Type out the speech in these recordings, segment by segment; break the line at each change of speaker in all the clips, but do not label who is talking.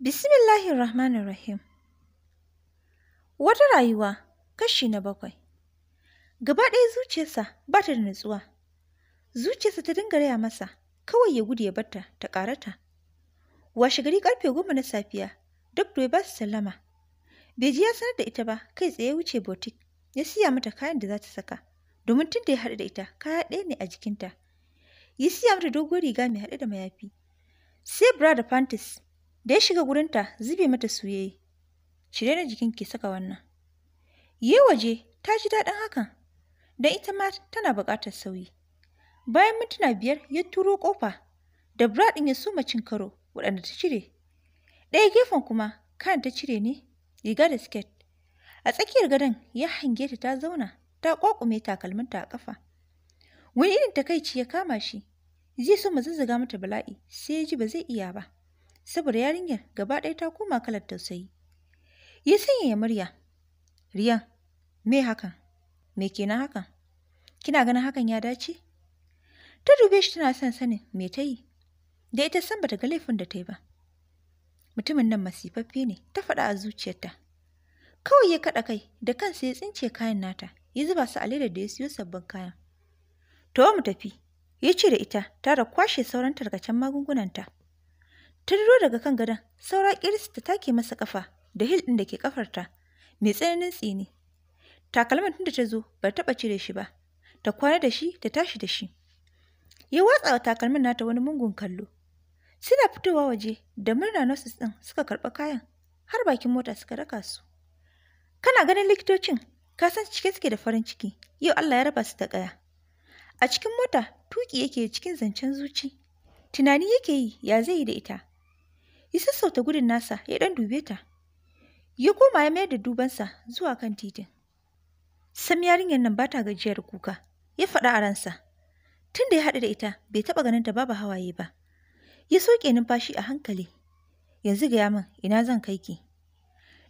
Bismillahir Rahmanir Rahim. Wata rayuwa kashi na bakwai. Gaba ɗaya zuciyarsa ba ta da nutsuwa. Zuciyarsa ta dinga raya masa kawai ya gudu ya barta ta ƙarata. Washe gari karfe goma na safiya duk da ba su sallama. Bai ji ya sanar da ita ba kai tsaye wuce botik ya siya mata kayan da za ta saka domin tun da ya haɗu da ita kaya ɗaya ne a jikinta. Ya siya mata doguwar riga mai haɗe da mayafi. Sai bra da panties Da ya shiga gurinta zube mata su Cire na jikin ke saka wannan. Yi waje ta ji daɗin hakan. Don ita ma tana buƙatar sauyi. Bayan mintuna biyar ya turo ƙofa da buraɗin ɗin ya soma cin karo waɗanda ta cire. Ɗaya gefen kuma kan ta cire ne riga da siket. A tsakiyar gadon ya hange ta ta zauna ta ƙwaƙume takalminta a ƙafa. Wani irin takaici ya kama shi zai so mu zazzaga mata bala'i sai ya ji ba zai iya ba. saboda yarinyar gaba ɗaya ta koma kalar tausayi. Ya sanya ya murya, Riyan, me hakan? Me kenan hakan? Kina ganin hakan ya dace? Ta dube shi tana son sanin me ta yi, da ita san bata ga laifin da ta yi ba. Mutumin nan masifaffe ne, ta faɗa a zuciyarta. Kawai ya kaɗa kai da kansa ya tsince kayan nata, ya zuba su a ledar da ya siyo sabbin kayan. To mu tafi, ya ce da ita tara kwashe sauran tarkacen magungunanta. Ta duro daga kan gadon, saura Kirista ta take masa ƙafa da hil ɗin da ke ƙafarta, mai tsananin tsini. Takalmin tun da ta zo ba taɓa cire shi ba, ta kwana da shi ta tashi da shi. Ya watsa wa takalmin nata wani mungun kallo. Suna fitowa waje da murna nurses ɗin suka karɓa kayan har bakin mota suka raka su. Kana ganin likitocin ka san cike suke da farin ciki yau Allah ya raba su da ƙaya. A cikin mota tuki yake cikin zancen zuci. Tunani yake yi ya zai yi da ita ya sassauta gudun nasa ya ɗan dube ta. Ya koma ya mayar da dubansa zuwa kan titin. Sam yarinyar nan ba ta gajiyar kuka, ya faɗa a ransa. Tun da ya haɗu da ita, bai taɓa ganin ta babu hawaye ba. Ya soke numfashi a hankali. Yanzu gaya min ina zan kai ki.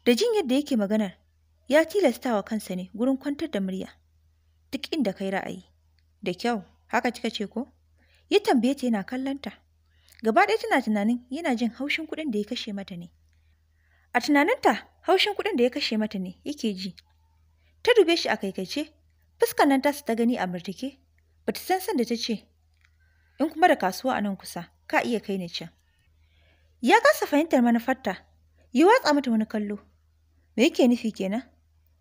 Da jin yadda yake maganar, ya tilasta wa kansa ne gurin kwantar da murya. Duk inda kai ra'ayi. Da kyau, haka kika ce ko? Ya tambaye ta yana kallon ta. Gaba ɗaya tana tunanin yana jin haushin kuɗin da ya kashe mata ne. A tunaninta haushin kuɗin da ya kashe mata ne yake ji. Ta dube shi a kaikaice, fuskar nan tasu ta gani a murtuke, ba ta san da ta ce, in kuma da kasuwa a nan kusa, ka iya kai ni can. Ya kasa fahimtar manufarta, Yi watsa mata wani kallo. Me yake nufi kenan?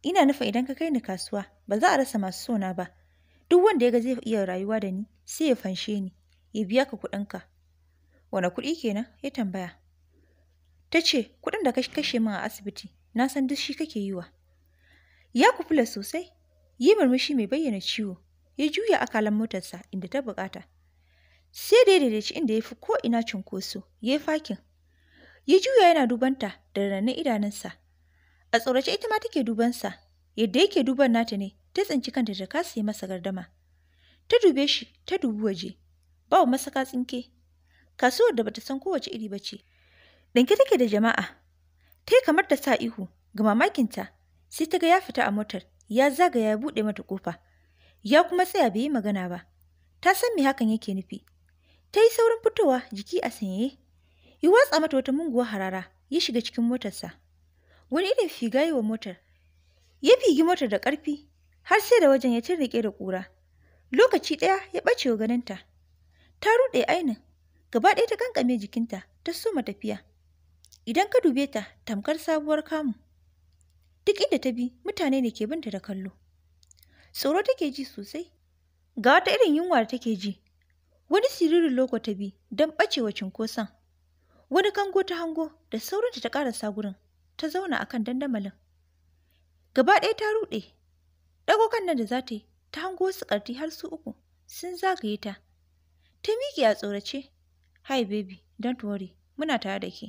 Ina nufa idan ka kai ni kasuwa, ba za a rasa masu sona ba. Duk wanda ya ga zai iya rayuwa da ni, sai ya fanshe ni, ya biya ka kuɗinka. Wane kuɗi kenan? ya tambaya. Ta ce, kuɗin da ka kashe min a asibiti, na san duk shi kake yi wa. Ya kufula sosai, yi murmushi mai bayyana ciwo, ya juya akalan motarsa inda ta bukata. Sai da ya daidaici inda ya fi ko ina cunkoso, ya yi fakin. Ya juya yana dubanta da rannan idanunsa. A tsorace ita ma take dubansa, yadda yake duban nata ne, ta tsinci kanta da kasa yi masa gardama. Ta dube shi, ta dubi waje, babu masaka tsinke, kasuwar da bata san kowace iri ba ce. Ɗanke take da jama'a, ta yi kamar ta sa ihu ga mamakinta, sai ta ga ya fita a motar, ya zaga ya buɗe mata ƙofa, ya kuma tsaya bai yi magana ba. Ta san me hakan yake nufi. Ta yi saurin fitowa jiki a sanyaye, Yi watsa mata wata munguwa harara, ya shiga cikin motarsa. Wani irin figa yi wa motar, ya figi motar da ƙarfi, har sai da wajen ya tirriƙe da ƙura. Lokaci ɗaya ya ɓace wa ganinta. Ta ruɗe ainin, gaba ɗaya ta kankame jikinta ta soma tafiya idan ka dube ta tamkar sabuwar kamu duk inda ta bi mutane ne ke binta da kallo tsoro take ji sosai ga wata irin yunwa da take ji wani siririn loko ta bi don ɓacewa cunkoson wani kango ta hango da saurinta ta ƙarasa gurin ta zauna akan dandamalin gaba ɗaya ta ruɗe ɗago kan nan da za ta yi ta hango wasu ƙarti har su uku sun zagaye ta ta miƙe a tsorace Hi baby, don't worry, muna tare da ke.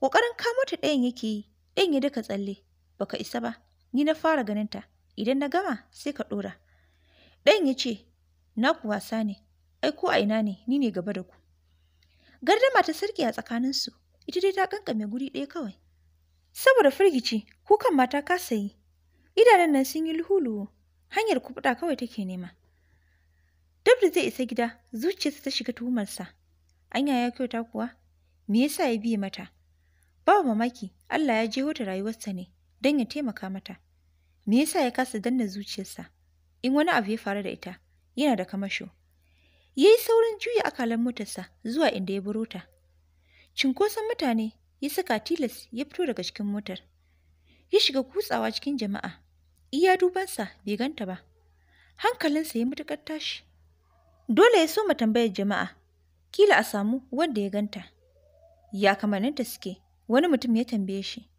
Ƙoƙarin kamo ta ɗayan yake yi, ɗayan ya daka tsalle, baka isa ba, ni na fara ganin ta, idan na gama sai ka ɗora. Ɗayan ya ce, na ku wasa ne, ai ko a ina ne, ni ne gaba da ku. Gardama ta sarki a tsakaninsu, ita dai ta ƙanƙame guri ɗaya kawai. Saboda firgici, kukan mata ka sayi. idanun nan sun yi luhu hanyar kuɓuta kawai take nema. Dabda zai isa gida, zuciyarsa ta shiga tuhumarsa, Anya ya kyauta kuwa? Me yasa ya bi mata? Ba mamaki, Allah ya je ta rayuwarsa ne don ya taimaka mata. Me yasa ya kasa danna zuciyarsa? In wani abu ya faru da ita, yana da kamasho. Ya yi saurin juya akalan motarsa zuwa inda ya buro ta. Cinkoson mutane ya saka tilas ya fito daga cikin motar. Ya shiga kutsawa cikin jama'a. Iya dubansa bai ganta ba. Hankalinsa ya matuƙar tashi. Dole ya soma tambayar jama'a Kila a samu wanda ya ganta. Ya kamanninta suke, wani mutum ya tambaye shi.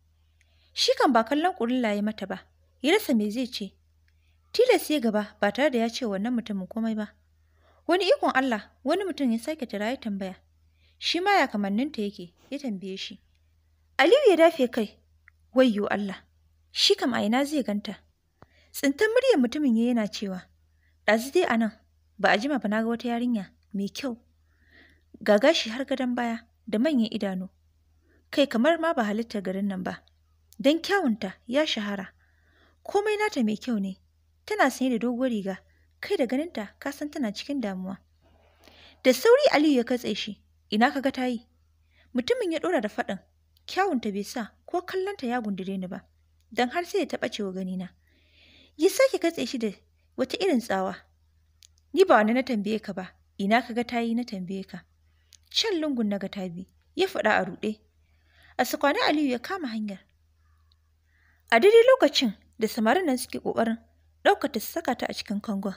Shi kan ba kallon ƙurilla ya mata ba, ya rasa me zai ce. Tilas ya gaba ba tare da ya ce wannan mutumin komai ba. Wani ikon Allah, wani mutum ya sake tara ya tambaya. Shi ma ya kamanninta yake, ya tambaye shi. Aliyu ya dafe kai, wayyo Allah, shi kam a ina zai ganta. Tsintar muryar mutumin ya yana cewa, ɗazu dai a nan, ba a jima ba na ga wata yarinya mai kyau ga gashi har gadon baya da manyan idanu kai kamar ma ba halittar garin nan ba don kyawunta ya shahara komai nata mai kyau ne tana sanye da doguwar riga kai da ganinta ka san tana cikin damuwa da sauri aliyu ya katse shi ina kaga ta yi mutumin ya ɗora da faɗin kyawunta bai sa ko kallonta ya gundure ni ba don har sai ya taɓa cewa ganina ya sake katse shi da wata irin tsawa ni ba wani na tambaye ka ba ina kaga ta yi na tambaye ka can lungun na biyu ya faɗa a ruɗe a sakwane aliyu ya kama hanyar a daidai lokacin da samarin nan suke ƙoƙarin ɗaukar ta saka ta a cikin kangon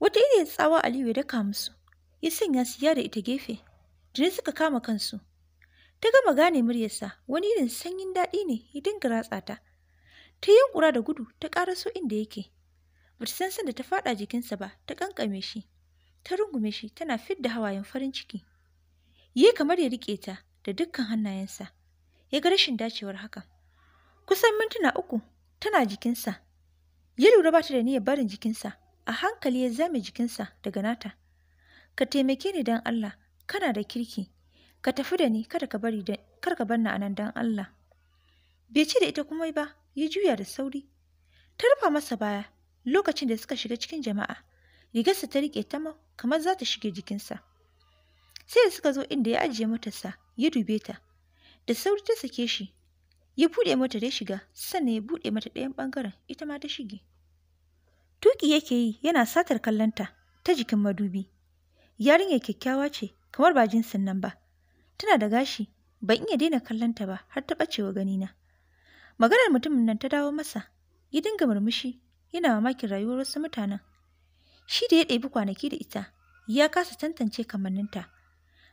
wata iri tsawa aliyu ya daka musu ya sanya su da ita gefe jini suka kama kansu ta gama gane muryarsa wani irin sanyin daɗi ne ya dinga ratsa ta ta yankura da gudu ta ƙara ƙaraso inda yake bata san sanda ta faɗa jikinsa ba ta ƙanƙame shi ta rungume shi tana fidda hawayen farin ciki yi kamar ya riƙe ta da dukkan hannayensa ya ga rashin dacewar hakan kusan mintuna uku tana jikinsa ya lura ba ta da niyyar barin jikinsa a hankali ya zame jikinsa daga nata ka taimake ni don Allah kana da kirki ka tafi da ni kada bari kar ka bar ni nan don Allah bai ce da ita kuma ba ya juya da sauri ta rufa masa baya lokacin da suka shiga cikin jama'a rigarsa ta riƙe ta kamar za ta shige jikinsa sai da suka zo inda ya ajiye mata sa ya dube ta da sauri ta sake shi ya bude mata da shiga sannan ya bude mata ɗayan ɓangaren ita ma ta shige tuki yake yi yana satar kallonta ta jikin madubi yarinyar kyakkyawa ce kamar ba jinsin nan ba tana da gashi ban iya daina kallonta ba har ta gani ganina maganar mutumin nan ta dawo masa ya dinga murmushi yana mamakin rayuwar wasu mutanen shi da ya ɗebi kwanaki da ita ya kasa tantance kamanninta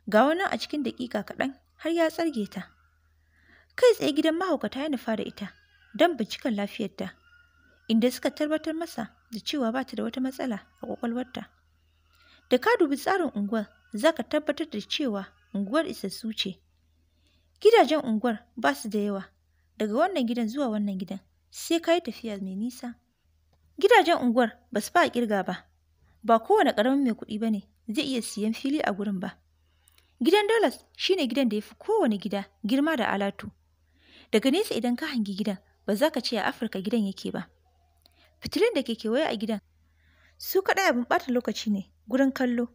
ga wani a cikin daƙiƙa kaɗan har ya tsarge ta. Kai tsaye gidan mahaukata ya nufa da ita don binciken lafiyarta, inda suka tabbatar masa da cewa ba ta da wata matsala a kwakwalwarta. Da ka dubi tsarin unguwar za ka tabbatar da cewa unguwar isassu ce. Gidajen unguwar ba su da yawa, daga wannan gidan zuwa wannan gidan sai ka yi tafiya mai nisa. Gidajen unguwar ba su fa kirga ba, ba kowane ƙaramin mai kuɗi ba ne zai iya siyan fili a gurin ba. Gidan Dollars shine gidan da ya fi kowane gida girma da alatu. Daga nesa idan ka hangi gidan, ba za ka ce a Afirka gidan yake ba. Fitilun da ke kewaye a gidan su kaɗai abin ɓata lokaci ne gurin kallo.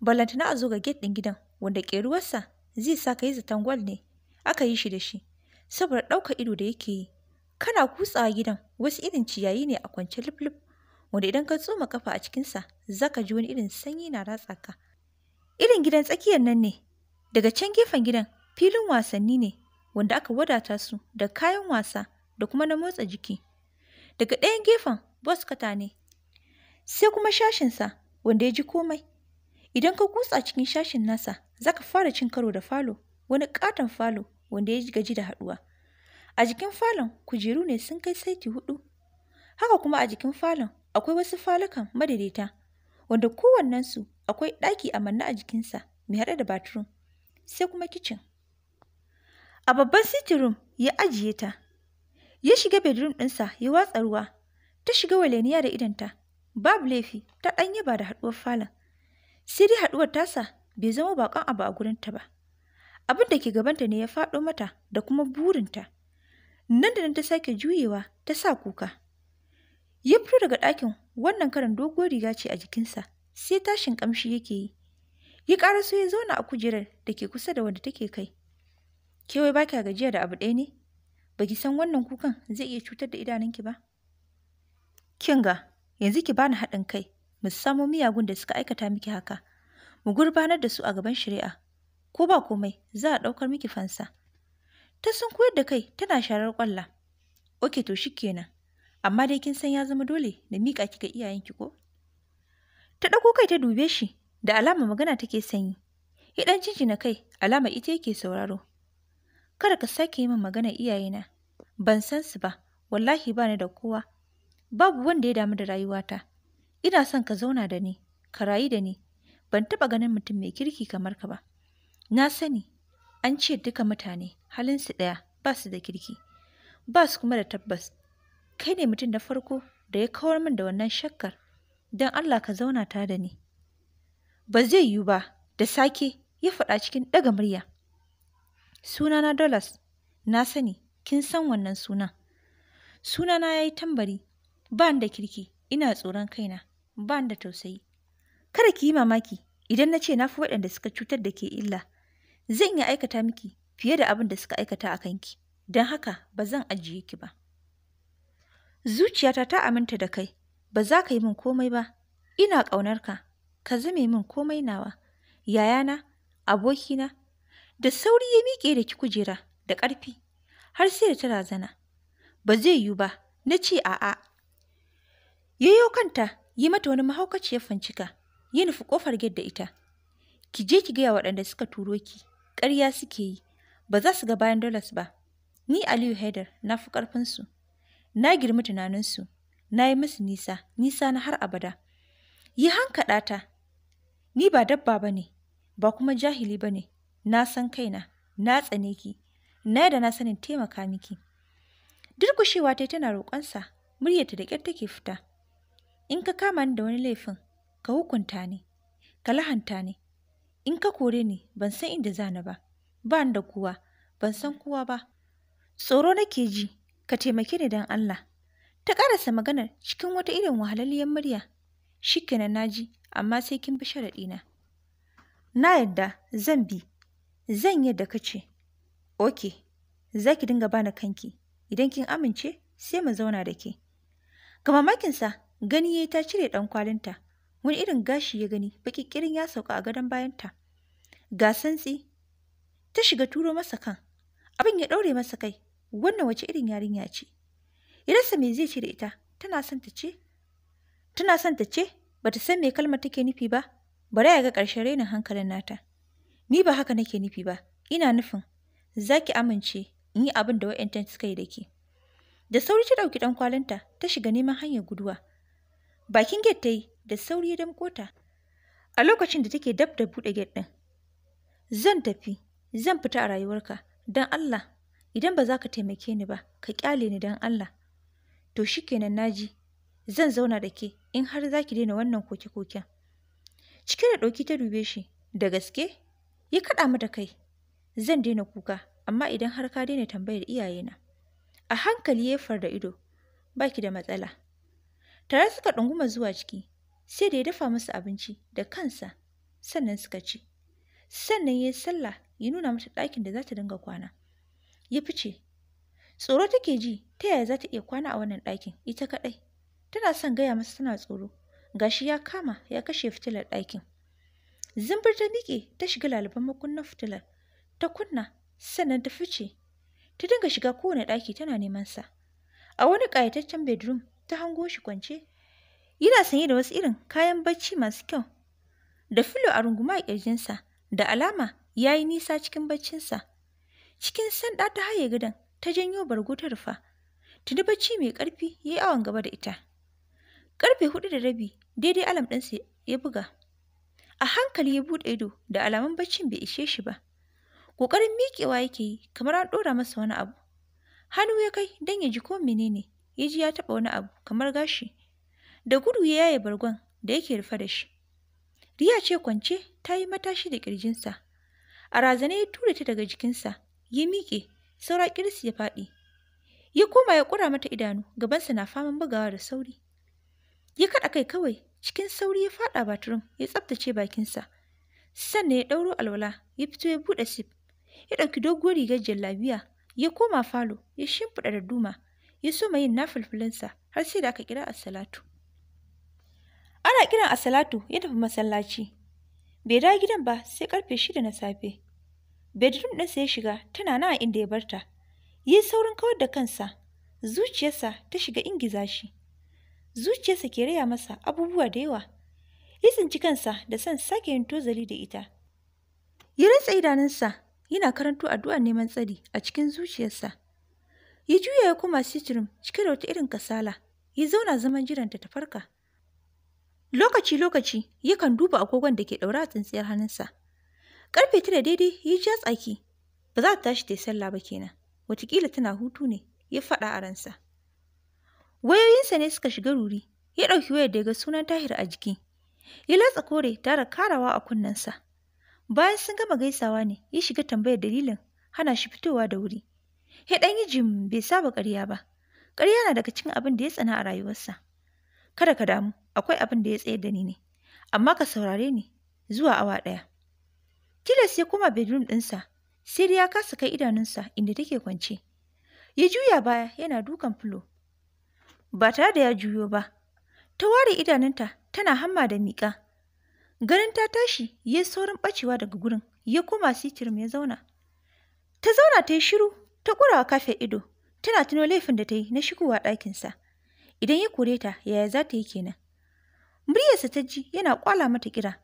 Ballantana a zo ga gate ɗin gidan wanda ƙeruwarsa zai sa ka yi zaton gwal ne aka yi shi da shi saboda ɗaukar ido da yake yi. Kana kutsawa gidan wasu irin ciyayi ne a kwance lif wanda idan ka tsoma kafa a cikinsa za ka ji wani irin sanyi na ratsa ka Irin gidan tsakiyar nan ne, daga can gefen gidan filin wasanni ne wanda aka wadata su da kayan wasa da kuma na motsa jiki. Daga ɗayan gefen boskata ne, sai kuma shashinsa wanda ya ji komai. Idan ka kutsa cikin shashin nasa, za ka fara cin karo da falo, wani katon falo wanda ya gaji da haɗuwa. A jikin falon kujeru ne sun kai saiti hudu. Haka kuma a jikin falon akwai wasu falukan madaidaita wanda kowannensu akwai ɗaki a manna a jikinsa mai haɗe da bathroom sai kuma kicin. A babban sitting room ya ajiye ta, ya shiga bedroom ɗinsa ya watsa ruwa, ta shiga waleniya da idanta, babu laifi ta ɗan ba da haɗuwar falon. Sai dai haɗuwar tasa bai zama baƙon abu a gurin ta ba. Abin da ke gabanta ne ya faɗo mata da kuma burinta. Nan da nan ta sake juyewa ta sa kuka. Ya fito daga ɗakin wannan karin doguwar riga ce a jikinsa, sai tashin ƙamshi yake yi. Ya ƙara so ya zauna a kujerar da ke kusa da wanda take kai. Ke wai baki gajiya da abu ɗaya ne? Ba ki san wannan kukan zai iya cutar da idanunki ba? Kinga, yanzu ki bani haɗin kai, mu samo miyagun da suka aikata miki haka. Mu gurbanar da su a gaban shari'a. Ko ba komai, za a ɗaukar miki fansa. Ta sun koyar da kai tana sharar ƙwalla. Oke to kenan. amma dai kin san ya zama dole da miƙa ki ga iyayenki ko ta ɗauko kai ta dube shi da alama magana take sanyi ya ɗan jinjina kai alama ita yake sauraro kada ka sake yi min magana iyayena ban san su ba wallahi ba ni da kowa babu wanda ya damu da rayuwata ina son ka zauna da ni ka rayu da ni ban taɓa ganin mutum mai kirki kamar ka ba na sani an ce duka mutane halin su ɗaya ba su da kirki ba su kuma da tabbas kai ne mutum na farko da ya kawar min da wannan shakkar don Allah ka zauna ta da ni ba zai yiwu ba da sake ya faɗa cikin ɗaga murya sunana dollars na sani kin san wannan sunan sunana ya yi tambari ba da kirki ina tsoron kaina ba da tausayi kada ki yi mamaki idan na ce na fi waɗanda suka cutar da ke illa zan iya aikata miki fiye da abin da suka aikata a kanki don haka ba zan ajiye ki ba Zuciyata ta aminta da kai, ba za ka yi min komai ba, ina ƙaunarka, ka zame min komai nawa, yayana, abokina, da sauri ya miƙe da ki kujera da ƙarfi, har sai da ta razana. Ba zai yiwu ba, na ce a'a. Yayo kanta, yi mata wani mahaukaciyar fancika, ya nufi ƙofar da ita. Ki je ki gaya waɗanda suka turo ki, ƙarya suke yi, ba za su ga bayan dolas ba. Ni Aliyu Haidar, na fi ƙarfinsu. na girmi tunaninsu, na yi musu nisa, nisa na har abada. Yi hankaɗa ta, ni ba dabba ba ne, ba kuma jahili ba ne, na san kaina, na tsane ki, na da na sanin taimaka miki. Durkushewa ta tana roƙonsa, muryata da ƙyar take fita. In ka kama ni da wani laifin, ka hukunta ni, ka lahanta ni, in ka kore ni ban san inda zana ba, ba da kowa, ban san kowa ba. Tsoro nake ji, Ka taimake ni don Allah. Ta ƙarasa maganar cikin wata irin wahalalliyar murya. Shi kenan na ji, amma sai kin bi sharaɗina. Na yadda zan bi, zan yadda ka ce. Oke, za ki dinga bani kanki, idan kin amince sai mu zauna da ke. Ga mamakinsa, gani ya yi ta cire ɗan kwalinta, wani irin gashi ya gani baƙiƙirin ya sauka a gadon bayanta. Ga santsi, ta shiga turo masa kan, abin ya ɗaure masa kai, wannan wace irin yarinya ce ya rasa me zai ce da ita tana son ta ce tana son ta ce bata san me kalmar take nufi ba bari ya ga ƙarshen renin hankalin nata ni ba haka nake nufi ba ina nufin za ki amince in yi abin da wa'yantan suka yi da ke da sauri ta ɗauki ɗan kwalinta ta shiga neman hanyar guduwa bakin get ta yi da sauri ya damƙo ta a lokacin da take dab da buɗe get ɗin zan tafi zan fita a rayuwarka don allah idan ba za ka taimake ni ba ka kyale ni don Allah to shi shikenan naji zan zauna da ke in har za ki daina wannan koke-koken cike da ɗauki ta dube shi da gaske ya kaɗa mata kai zan daina kuka amma idan har ka daina tambayar iyayena a hankali ya far da ido baki da matsala tare suka ɗunguma zuwa ciki sai da ya dafa musu abinci da kansa sannan suka ci sannan ya yi sallah ya nuna mata ɗakin da za ta dinga kwana ya fice. Tsoro take ji, ta yaya za ta iya kwana a wannan ɗakin, ita kaɗai. Tana son gaya masa tana tsoro, gashi ya kama ya kashe fitilar ɗakin. Zumbur ta miƙe ta shiga laliban makunnan fitilar, ta kunna sannan ta fice. Ta dinga shiga kowane ɗaki tana neman sa. A wani ƙayataccen bedroom ta hango shi kwance. Yana sanye da wasu irin kayan bacci masu kyau. Da filo a runguma a ƙirjinsa, da alama ya yi nisa cikin baccinsa. cikin sanda ta haye gidan ta janyo bargo ta rufa tuni bacci mai ƙarfi ya yi awon gaba da ita karfe hudu da rabi daidai alam ɗinsa ya buga a hankali ya buɗe ido da alamun baccin bai ishe shi ba ƙoƙarin miƙewa yake yi kamar an ɗora masa wani abu hannu ya kai don ya ji ko menene ya ji ya taɓa wani abu kamar gashi da gudu ya yaye bargon da yake rufe da shi riya ce kwance ta yi matashi da ƙirjinsa a razane ya ture ta daga jikinsa ya miƙe saura kirsi ya faɗi ya koma ya ƙura mata idanu gabansa na faman bugawa da sauri ya kaɗa kai kawai cikin sauri ya faɗa baturin ya tsaftace bakinsa sannan ya ɗauro alwala ya fito ya buɗe sif ya ɗauki doguwar rigar jallabiya ya koma falo ya shimfiɗa da duma ya soma yin nafulfulinsa har sai da aka kira asalatu ana kiran asalatu ya tafi masallaci bai dawo gidan ba sai karfe shida na safe bedroom ɗinsa ya shiga tana nan inda ya barta. Yi saurin kawar da kansa, zuciyarsa ta shiga ingiza shi. Zuciyarsa ke raya masa abubuwa da yawa. Ya tsinci kansa da son sake yin tozali da ita. Ya rantsa idanunsa yana karanto addu'ar neman tsari a cikin zuciyarsa. Ya juya ya koma sitirin cike da wata irin kasala. Ya zauna zaman jiranta ta farka. Lokaci-lokaci yakan duba agogon da ke ɗaura a tsintsiyar hannunsa. Karfe tara daidai yi ja tsaki. Ba za ta tashi ta yi sallah ba kenan. Watakila tana hutu ne, ya faɗa a ransa. Wayoyinsa ne suka shiga ruri, ya ɗauki wayar daga sunan Tahir a jiki. Ya latsa kore tare karawa a kunnensa. Bayan sun gama gaisawa ne, ya shiga tambayar dalilin hana shi fitowa da wuri. Ya ɗan yi jim bai saba ƙarya ba. Ƙarya na daga cikin abin da ya tsana a rayuwarsa. Kada ka damu, akwai abin da ya tsayar da ni ne. Amma ka saurare ni zuwa awa ɗaya. Tilas ya koma bedroom ɗinsa, sai ya kasa kai idanunsa inda take kwance. Ya juya baya yana dukan filo. Ba tare da ya juyo ba, ta ware idanunta tana hamma da miƙa. Ganin ta tashi ya saurin ɓacewa daga gurin ya koma sitirin ya zauna. Ta zauna ta yi shiru ta ƙurawa kafe ido tana tuno laifin da ta yi na shigowa ɗakinsa. Idan ya kore ta yaya za ta yi kenan? Muryarsa ta ji yana ƙwala mata kira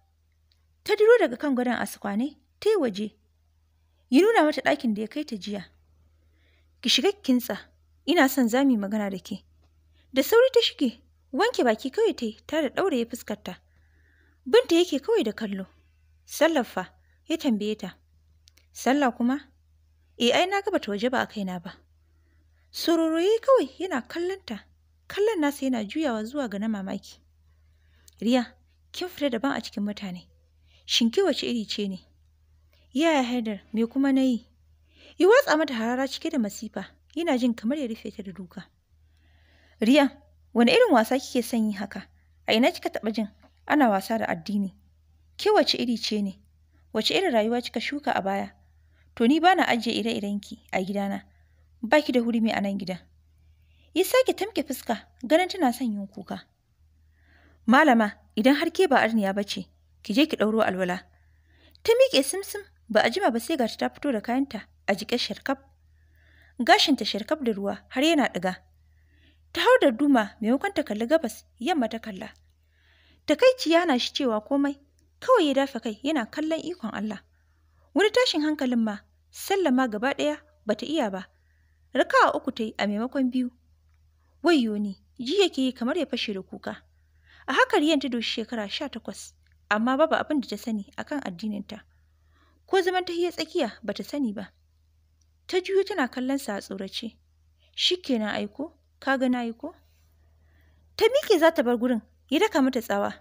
Ta diro daga kan gwadon a sukwane, ta yi waje. Yi nuna mata ɗakin da ya kai ta jiya. Ki shiga kintsa, ina son zami magana da ke. Da sauri ta shige, wanke baki kawai ta yi tare da ya fuskarta. Binta yake kawai da kallo. Sallar fa, ya tambaye ta. Sallah kuma? E ai na gaba ta waje ba a na ba. Sororoyi kawai yana kallonta. Kallon nasa yana juyawa zuwa ga na mamaki. Riya, kin fita daban a cikin mutane. Shin ki wace iri ce ne? Yaya Haidar, me kuma na yi? yi watsa mata harara cike da masifa, yana jin kamar ya rufe ta da duka. riya wani irin wasa kike son yi haka? A ina kika taɓa jin ana wasa da addini? Ke wace iri ce ne? Wace irin rayuwa kika shuka a baya? To ni bana ajiye ire-irenki a gidana. Baki da hurumi a nan gidan. Ya sake tamke fuska, ganin tana son yin kuka. Malama, idan har ke ba arniya ba ce, ki je ki ɗauro alwala. Ta miƙe simsim ba a jima ba sai gashi ta fito da kayanta a jiƙe sharkaf. Gashinta sharkaf da ruwa har yana ɗiga. Ta hau da duma maimakon ta kalli gabas yamma ta kalla. Takaiciya na shi cewa komai kawai ya dafa kai yana kallon ikon Allah. Wani tashin hankalin ma sallama gaba ɗaya ba ta iya ba. Rakawa uku ta yi a maimakon biyu. Wayyo ni, ji yake yi kamar ya fashe da kuka. A haka Riyan ta doshi shekara sha takwas. amma babu abin da ta sani akan addininta. Ko zaman ta hiya tsakiya ba ta sani ba. Ta juyo tana kallon sa a tsorace. Shi kenan aiko, ka ga aiko? Ta miƙe za ta bar gurin, ya daka mata tsawa.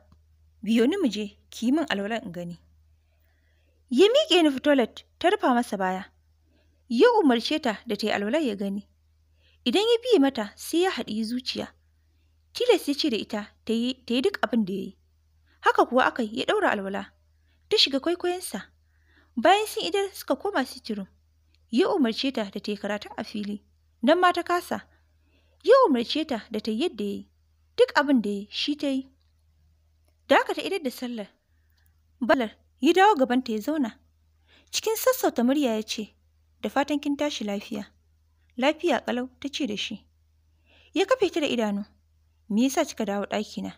Biyo ni mu je, ki yi min alwala in gani. Ya miƙe ni toilet, ta rufa masa baya. Ya umarce ta da ta yi alwala ya gani. Idan ya biye mata sai ya haɗi zuciya. Tilas ya ce da ita ta yi duk abin da ya yi. haka kuwa aka ya ɗaura alwala ta shiga kwaikwayonsa bayan sun idar suka koma sitirin ya umarce ta da ta yi karatun a fili don ma ta kasa ya umarce ta da ta yadda ya yi duk abin da ya shi ta yi da aka ta idar da sallar balar ya dawo gabanta ya zauna cikin sassauta murya ya ce da fatan kin tashi lafiya lafiya kalau ta ce da shi ya kafe ta da idanu me yasa kika dawo ɗakina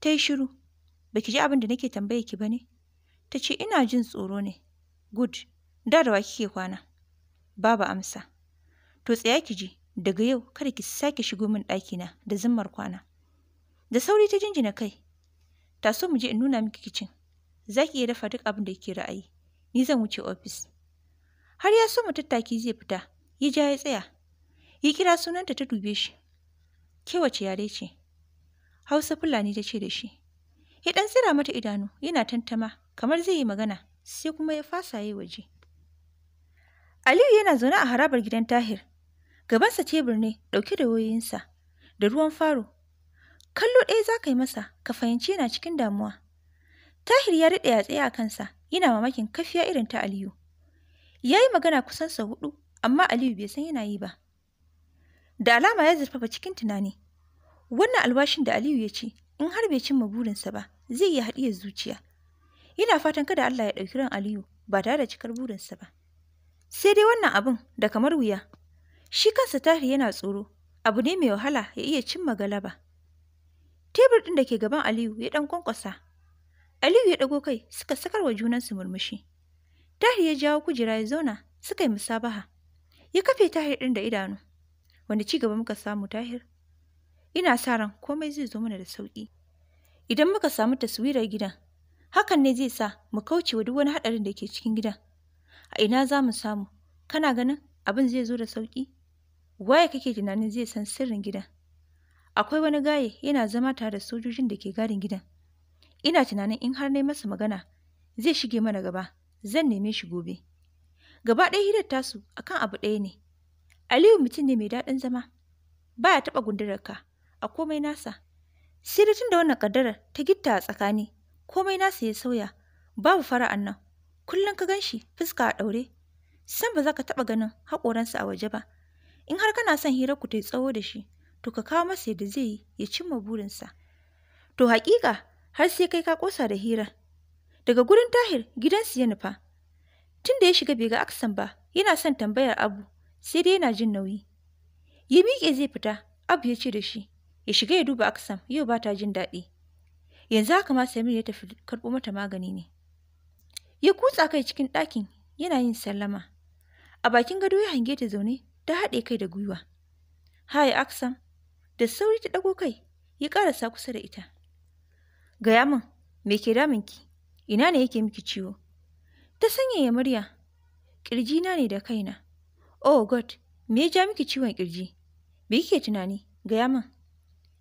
ta yi shiru Baki ji abin da nake tambaye ki ba ne? Ta ce ina jin tsoro ne. Good. Da da wa kike kwana? Babu amsa. To tsaya ki ji, daga yau kada ki sake shigo min ɗakina da zimmar kwana. Da sauri ta jinjina kai. Ta so mu je in nuna miki kicin. Za ki iya dafa duk abin da kike ra'ayi. Ni zan wuce ofis. Har ya so mu tattaki zai fita, ya ja ya tsaya. Yi kira sunanta ta dube shi. Ke yare ce? Hausa Fulani ta ce da shi. Ya dan tsira mata idanu, yana tantama, kamar zai yi magana, sai kuma ya fasa yi waje. Aliyu yana zaune a harabar gidan Tahir. Gabansa tebur ne dauke da wayoyinsa da ruwan faro. Kallo ɗaya za ka yi masa, ka fahimci yana cikin damuwa. Tahir ya daɗe ya tsaye a kansa, yana mamakin kafiya irin ta Aliyu. Ya yi magana kusan sau huɗu, amma Aliyu bai san yana yi ba. Da alama ya zurfafa cikin tunani. Wannan alwashin da Aliyu ya ce, in har bai cimma burinsa ba, zai iya haɗiya zuciya. Ina fatan kada Allah ya ɗauki ran Aliyu ba tare da cikar burinsa ba. Sai dai wannan abun da kamar wuya. Shi kansa Tahir yana tsoro, abu ne mai wahala ya iya cimma galaba. Tebur ɗin da ke gaban Aliyu ya ɗan kwankwasa. Aliyu ya ɗago kai suka sakar wa junansu murmushi. Tahir ya jawo kujera ya zauna suka yi musabaha. Ya kafe Tahir ɗin da idanu. Wanda ci gaba muka samu Tahir? Ina sa ran komai zai zo mana da sauƙi. Idan muka samu taswirar gidan, hakan ne zai sa mu kauce wa duk wani haɗarin da ke cikin gidan. A ina za mu samu? Kana ganin abin zai zo da sauƙi? Waye kake tunanin zai san sirrin gidan? Akwai wani gaye yana zama tare da sojojin da ke gadin gidan. Ina tunanin in har na masa magana, zai shige mana gaba, zan neme shi gobe. Gaba ɗaya hirar tasu akan abu ɗaya ne. Aliyu mutum ne mai daɗin zama, baya taɓa gundurarka a komai nasa. Sai da tun da wannan kaddarar ta gitta a tsakani, komai na ya sauya, babu fara'an nan. Kullum ka ganshi fuska a ɗaure, san ba za ka taɓa ganin haƙoransa a waje ba. In har kana son hirar ku ta yi tsawo da shi, to ka kawo masa yadda zai yi ya cimma burinsa. To haƙiƙa har sai kai ka ƙosa da hira. Daga gurin Tahir gidansu ya nufa. Tun da ya shiga bai ga aksan ba, yana son tambayar Abu, sai dai yana jin nauyi. Ya miƙe zai fita, Abu ya ce da shi, ya shiga ya duba Aksam yau ba ta jin daɗi. Yanzu haka ma Samir ya tafi karɓo mata magani ne. Ya kutsa kai cikin ɗakin yana yin sallama. A bakin gado ya hange ta zaune ta haɗe kai da gwiwa. Hai Aksam, da sauri ta ɗago kai ya ƙarasa kusa da ita. Gaya min, me ke ki? Ina ne yake miki ciwo? Ta sanyaya murya, ƙirjina ne da kaina. Oh God, me ya ja miki ciwon ƙirji? Me kike tunani? Gaya min.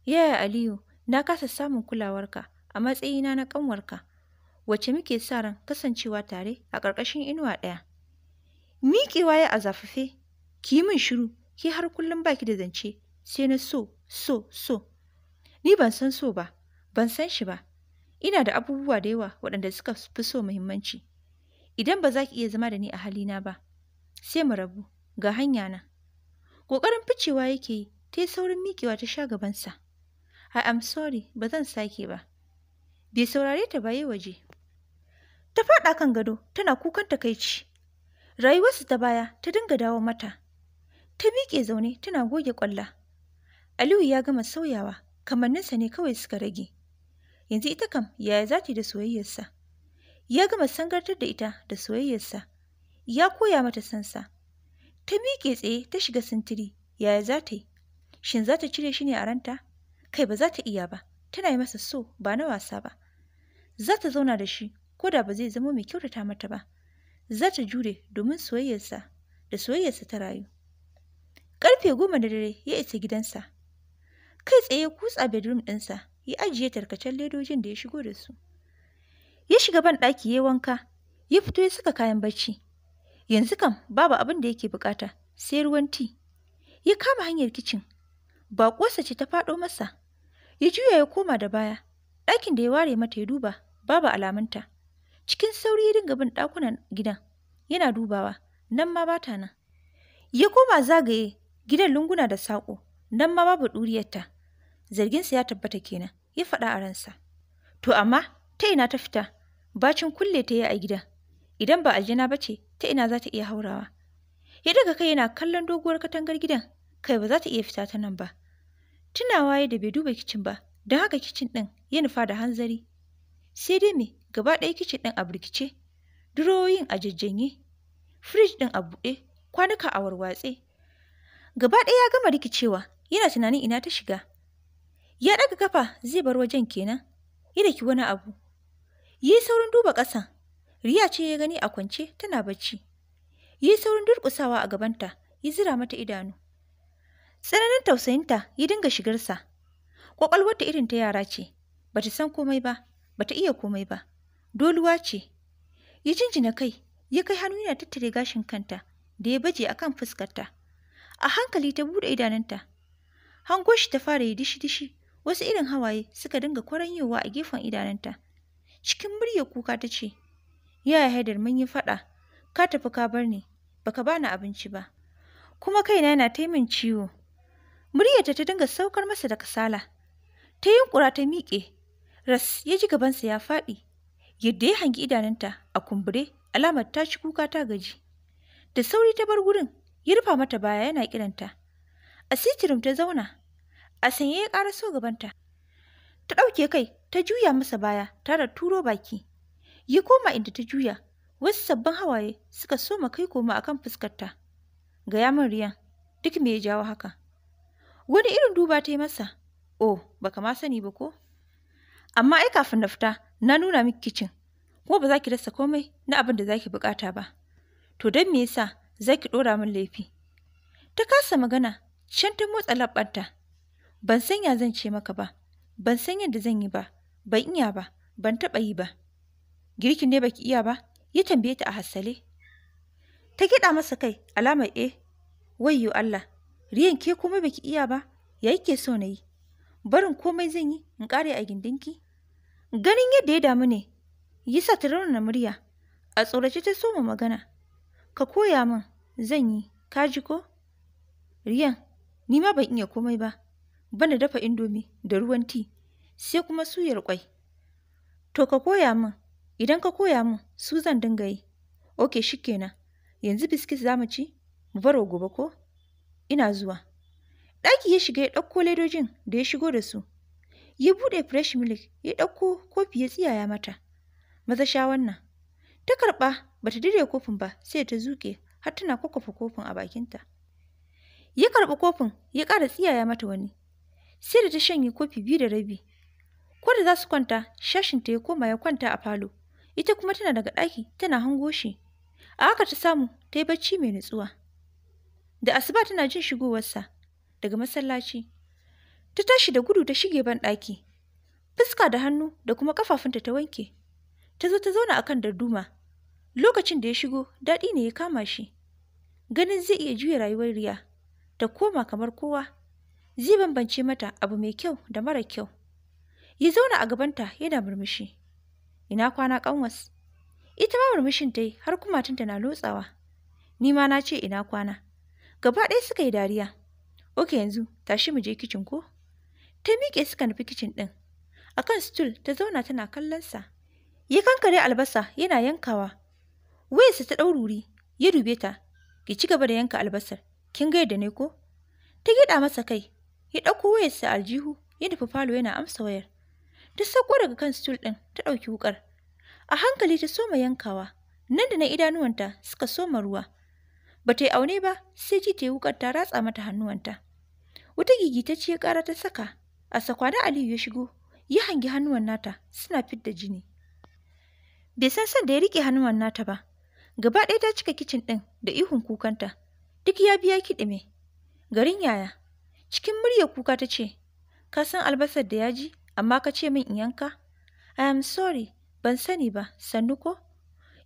Yaya Aliyu, na kasa samun kulawarka a matsayina na ƙanwarka, wacce muke sa ran kasancewa tare a ƙarƙashin inuwa ɗaya. Miƙewa ya a zafafe, ki yi min shiru, ki har kullum baki da zance, sai na so, so, so. Ni ban san so ba, ban san shi ba. Ina da abubuwa da yawa waɗanda suka fi so muhimmanci. Idan ba za ki iya zama da ni a halina ba, sai mu rabu, ga hanya na. Ƙoƙarin ficewa yake yi, ta yi saurin miƙewa ta sha gabansa. I am sorry, ba zan sake ba. Bai saurare ta ba waje. Ta faɗa kan gado, tana kukan takaici. Rayuwarsu ta baya ta dinga dawo mata. Ta miƙe zaune tana goge ƙwalla. Aliyu ya gama sauyawa, kamanninsa ne kawai suka rage. Yanzu ita kam yaya za ta da soyayyarsa? Ya gama sangartar da ita da soyayyarsa. Ya koya mata sansa. Ta miƙe tsaye ta shiga sintiri, yaya za ta yi? Shin za ta cire shi ne a ranta? kai ba za ta iya ba tana yi masa so ba na wasa ba za ta zauna da shi ko da ba zai zama mai kyautata mata ba za ta jure domin soyayyarsa da soyayyarsa ta rayu karfe goma da dare ya isa gidansa kai tsaye kutsa bedroom ɗinsa ya ajiye tarkacen ledojin da ya shigo da su ya shiga ban ɗaki ya wanka ya fito ya saka kayan bacci yanzu kam babu abin da yake bukata sai ruwan ti ya kama hanyar kicin baƙuwarsa ce ta faɗo masa ya juya ya koma da baya ɗakin da ya ware mata ya duba babu alamunta cikin sauri ya dinga bin ɗakunan gidan yana dubawa nan ma ba ta nan ya koma zagaye gidan lunguna da saƙo nan ma babu ɗuriyarta zarginsa ya tabbata kenan ya faɗa a ransa to amma ta ina ta fita bacin kulle ta yi a gidan idan ba aljana ba ce ta ina za ta iya haurawa ya daga kai yana kallon doguwar katangar gidan kai ba za ta iya fita ta nan ba Tunawa waye da bai duba kicin ba, don haka kicin ɗin ya nufa da hanzari. Sai dai me, gaba ɗaya kicin ɗin a birkice, durowoyin a jajjanye, firij ɗin a buɗe, kwanuka a warwatse. Gaba ɗaya ya gama rikicewa, yana tunanin ina ta shiga. Ya ɗaga kafa zai bar wajen kenan, ya ki wani abu. Yi saurin duba ƙasa Riya ce ya gani a kwance tana bacci. Yi saurin durƙusawa a gabanta, ya zira mata idanu. Tsananin tausayinta ya dinga shigarsa. ta irin ta yara ce, ba ta san komai ba, ba ta iya komai ba, doluwa ce. Ya jinjina kai, ya kai hannu yana tattare gashin kanta da ya baje akan fuskarta. A hankali ta bude idanunta. Hango shi ta fara yi dishi-dishi, wasu irin hawaye suka dinga kwaranyowa a gefen idanunta. Cikin murya kuka ta ce, Yaya Haidar mun yi faɗa, ka tafi ka bar ni, baka bani abinci ba, kuma kaina yana taimin ciwo. Muryarta ta dinga saukar masa da kasala. Ta yi kura ta miƙe. Ras ya ji gabansa ya faɗi. Yadda ya hangi idanunta a kumbure alamar ta ci kuka ta gaji. Da sauri ta bar gurin ya rufa mata baya yana kiranta. A sitirim ta zauna. A sanye ya ƙara so gabanta. Ta ɗauke kai ta juya masa baya tare turo baki. Ya koma inda ta juya wasu sabbin hawaye suka soma kai koma akan fuskarta. Gaya min riyan duk me ya jawo haka. Wani irin duba ta yi masa? Oh, baka ma sani ba ko? Amma ai kafin na fita, na nuna miki kicin, kuma ba za ki rasa komai na abin da za ki bukata ba. To don me yasa za ki ɗora min laifi? Ta kasa magana, can ta motsa labbanta. Ban san ya zan ce maka ba, ban san yadda zan yi ba, ban iya ba, ban taɓa yi ba. Girkin ne baki iya ba, ya tambaye ta a hassale. Ta gida masa kai alamar eh, wayyo Allah, Riyan ke kuma baki iya ba, ya yake so na yi. Barin komai zan yi in ƙare a gindinki. Ganin yadda ya damu ne, yi sa ta raunana murya, a tsorace ta soma magana. Ka koya min, zan yi, ka ji ko? Riyan, ni ma ban iya komai ba, bana dafa indomi da ruwan ti, sai kuma suyar kwai. To ka koya min, idan ka koya min, su zan dinga yi. Oke kenan. yanzu biskit za mu ci, mu baro gobe ko? Ina zuwa. Ɗaki ya shiga ya ɗauko ledojin da ya shigo da su. Ya buɗe fresh milk ya ɗauko kofi ya tsiyaya mata. Maza sha wannan. Ta karɓa ba ta dire kofin ba sai ta zuƙe har tana kwakwafa kofin a bakinta. Ya karɓi kofin ya ƙara tsiyaya mata wani. Sai da ta shanye kofi biyu da rabi. Ko da za su kwanta ta ya koma ya kwanta a falo. Ita kuma tana daga ɗaki tana hango shi. A haka ta samu ta yi bacci mai nutsuwa. Da asuba tana jin shigowarsa daga masallaci. Ta tashi da gudu ta shige ban ɗaki. Fuska da hannu da kuma kafafunta ta wanke. Ta zo ta zauna akan darduma. Lokacin da ya shigo, daɗi ne ya kama shi. Ganin zai iya juya rayuwar riya, ta koma kamar kowa. Zai bambance mata abu mai kyau da mara kyau. Ya zauna a gabanta yana murmushi. Ina kwana ƙanwas. Ita ma murmushin ta yi har kumatanta na lotsawa. Ni ma na ce ina kwana. Gaba ɗaya suka yi dariya. Oke yanzu, tashi mu je kicin ko? Ta miƙe suka nufi kicin ɗin. A kan stool ta zauna tana kallonsa. Ya kankare albasa yana yankawa. Wayarsa ta ɗaururi, ya dube ta. Ki ci gaba da yanka albasar. Kin ga yadda ne ko? Ta gida masa kai. Ya ɗauko wayarsa aljihu, ya nufi falo yana amsa wayar. Ta sauko daga kan stool ɗin, ta ɗauki wuƙar. A hankali ta soma yankawa. Nan da na idanuwanta suka soma ruwa. ba ta yi aune ba sai ji ta yi wukar ta ratsa mata hannuwanta wata gigitacciyar ƙara ta saka a sakwada, aliyu ya shigo ya hangi hannuwan nata suna fidda jini bai san san da ya riƙe hannuwan nata ba gaba ɗaya ta cika kicin ɗin da ihun kukanta duk ya biya kiɗime garin yaya cikin muryar kuka ta ce ka san albasar da ya ji, amma ka ce min in yanka i am sorry ban sani ba sannu ko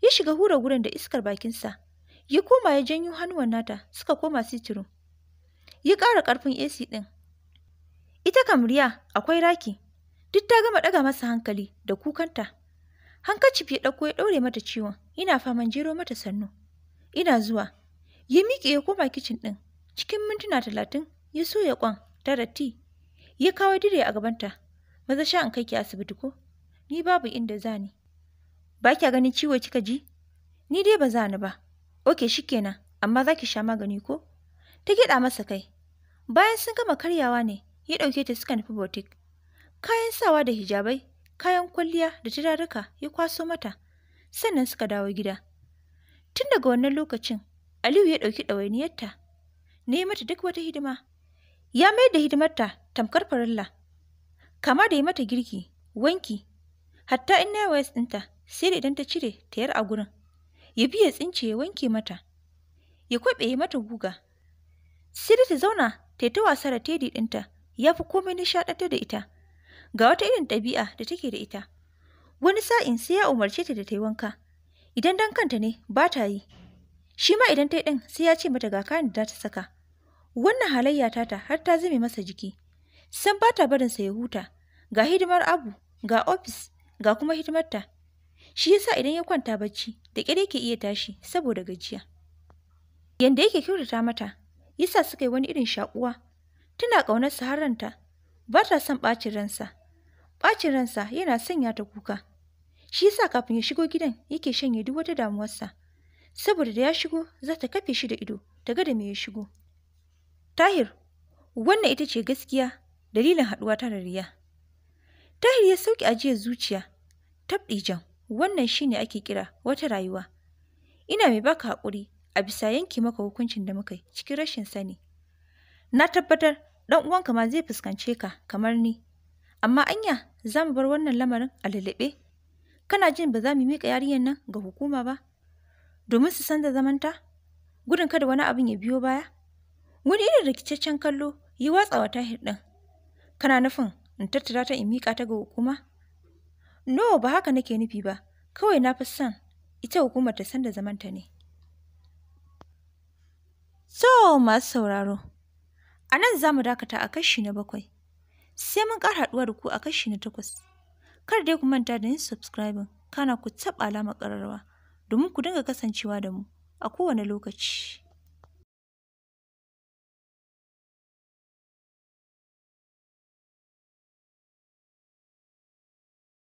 ya shiga hura gurin da iskar bakinsa ya koma ya janyo hannuwan nata suka koma sitiru ya ƙara ƙarfin AC ɗin. Ita kamriya akwai raki, duk ta gama ɗaga masa hankali da kukanta. Hankacif ya ɗauko ya ɗaure mata ciwon, Ina faman jero mata sannu. Ina zuwa, ya miƙe ya koma kicin ɗin, cikin mintuna talatin ya so ya ƙwan tara ti, ya kawo dire a gabanta. Maza sha an kai ki asibiti ko? Ni babu inda za ni. Ba kya ganin ciwo kika ji? Ni dai ba za ni ba. Oke shi kenan amma za ki sha magani ko? Ta gyaɗa masa kai. Bayan sun gama karyawa ne, ya ɗauke ta suka nufi botik. Kayan sawa da hijabai, kayan kwalliya da turaruka ya kwaso mata, sannan suka dawo gida. Tun daga wannan lokacin, Aliyu ya ɗauki ɗawainiyarta, ne mata duk wata hidima. Ya mayar da hidimarta tamkar farilla, kama da yi mata girki, wanki, hatta in na ɗinta sai da idan ta cire ta yar a gurin. ya bi ya tsince ya wanke mata, ya kwaɓe ya mata guga. Sai ta zauna ta yi ta wasa da tedi ɗinta, ya fi komai nishaɗantar da ita. Ga wata irin ɗabi'a da take da ita. Wani sa'in sai ya umarce ta da ta yi wanka. Idan dan kanta ne ba ta yi. Shi ma idan ta yi ɗin sai ya ce mata ga kayan da za ta saka. Wannan halayya ta ta har ta zame masa jiki. San ba ta barinsa ya huta. Ga hidimar abu, ga ofis, ga kuma hidimarta. Shi yasa idan ya kwanta bacci, da ƙyar yake iya tashi saboda gajiya. Yanda yake kyautata mata, yasa suka yi wani irin shakuwa. Tana ƙaunar ranta, ba ta son ɓacin ransa. Ɓacin ransa yana sanya ta kuka. Shi yasa kafin ya shigo gidan yake shanye duk wata damuwarsa. Saboda da ya shigo za ta kafe shi da ido, ta ga da me ya shigo. Tahir, wannan ita ce gaskiya dalilin haɗuwa ta da Riya. Tahir ya sauke ajiyar zuciya, tabɗijan. Wannan shine ne ake kira wata rayuwa. Ina mai baka haƙuri a bisa yanki maka hukuncin da muka yi cikin rashin sani. Na tabbatar dan uwanka ma zai fuskance ka kamar ni. Amma anya za mu bar wannan lamarin a lalabe Kana jin ba za mu miƙa yarinyar nan ga hukuma ba? Domin su san da zamanta? Gudun kada wani abin ya biyo baya? Wani irin rikicaccen kallo yi watsawa tahir ɗin. Kana nufin in tattara ta in miƙa ta ga hukuma? No, ba haka nake nufi ba. Kawai na fi son ita hukumar ta san da zamanta ne. So, masu sauraro, a nan za mu dakata a kashi na bakwai. Sai mun ƙara haɗuwa da ku a kashi na takwas. Kar dai ku manta da yin subscribing, kana ku taɓa alamar ƙararrawa domin ku dinga kasancewa da mu a kowane lokaci.